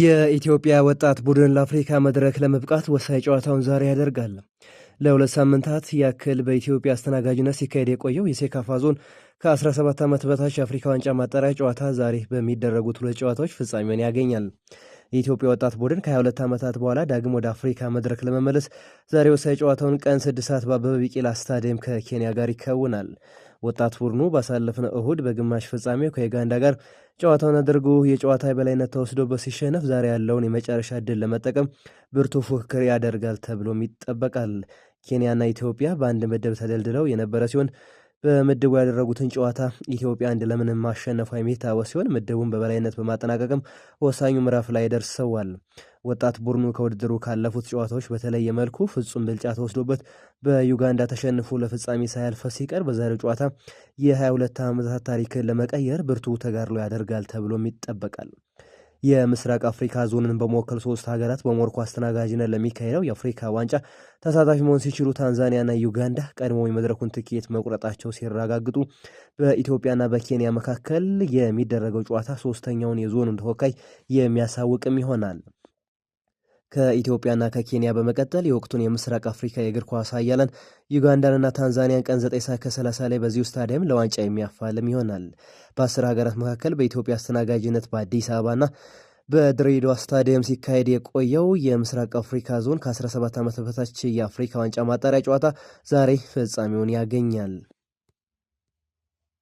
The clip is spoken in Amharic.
የኢትዮጵያ ወጣት ቡድን ለአፍሪካ መድረክ ለመብቃት ወሳኝ ጨዋታውን ዛሬ ያደርጋል። ለሁለት ሳምንታት ያክል በኢትዮጵያ አስተናጋጅነት ሲካሄድ የቆየው የሴካፋ ዞን ከ17 ዓመት በታች የአፍሪካ ዋንጫ ማጣሪያ ጨዋታ ዛሬ በሚደረጉት ሁለት ጨዋታዎች ፍጻሜውን ያገኛል። የኢትዮጵያ ወጣት ቡድን ከ22 ዓመታት በኋላ ዳግም ወደ አፍሪካ መድረክ ለመመለስ ዛሬ ወሳኝ ጨዋታውን ቀን 6 ሰዓት በአበበ ቢቂላ ስታዲየም ከኬንያ ጋር ይከውናል። ወጣት ቡድኑ ባሳለፍነው እሁድ በግማሽ ፍጻሜው ከዩጋንዳ ጋር ጨዋታውን አድርጎ የጨዋታ የበላይነት ተወስዶበት ሲሸነፍ ዛሬ ያለውን የመጨረሻ ድል ለመጠቀም ብርቱ ፉክክር ያደርጋል ተብሎም ይጠበቃል። ኬንያና ኢትዮጵያ በአንድ ምድብ ተደልድለው የነበረ ሲሆን በምድቡ ያደረጉትን ጨዋታ ኢትዮጵያ አንድ ለምንም ማሸነፏ የሚታወስ ሲሆን ምድቡን በበላይነት በማጠናቀቅም ወሳኙ ምዕራፍ ላይ ደርሰዋል። ወጣት ቡድኑ ከውድድሩ ካለፉት ጨዋታዎች በተለየ መልኩ ፍጹም ብልጫ ተወስዶበት በዩጋንዳ ተሸንፎ ለፍጻሜ ሳያልፈ ሲቀር በዛሬው ጨዋታ የ22 ዓመታት ታሪክን ለመቀየር ብርቱ ተጋድሎ ያደርጋል ተብሎም ይጠበቃል። የምስራቅ አፍሪካ ዞንን በመወከል ሶስት ሀገራት በሞሮኮ አስተናጋጅነት ለሚካሄደው የአፍሪካ ዋንጫ ተሳታፊ መሆን ሲችሉ ታንዛኒያና ዩጋንዳ ቀድሞ የመድረኩን ትኬት መቁረጣቸው ሲረጋግጡ በኢትዮጵያና በኬንያ መካከል የሚደረገው ጨዋታ ሶስተኛውን የዞኑን ተወካይ የሚያሳውቅም ይሆናል። ከኢትዮጵያና ከኬንያ በመቀጠል የወቅቱን የምስራቅ አፍሪካ የእግር ኳስ ኃያላን ዩጋንዳንና ታንዛኒያን ቀን 9 ሰዓት ከ30 ላይ በዚሁ ስታዲየም ለዋንጫ የሚያፋልም ይሆናል። በአስር ሀገራት መካከል በኢትዮጵያ አስተናጋጅነት በአዲስ አበባና በድሬዳዋ ስታዲየም ሲካሄድ የቆየው የምስራቅ አፍሪካ ዞን ከ17 ዓመት በታች የአፍሪካ ዋንጫ ማጣሪያ ጨዋታ ዛሬ ፍጻሜውን ያገኛል።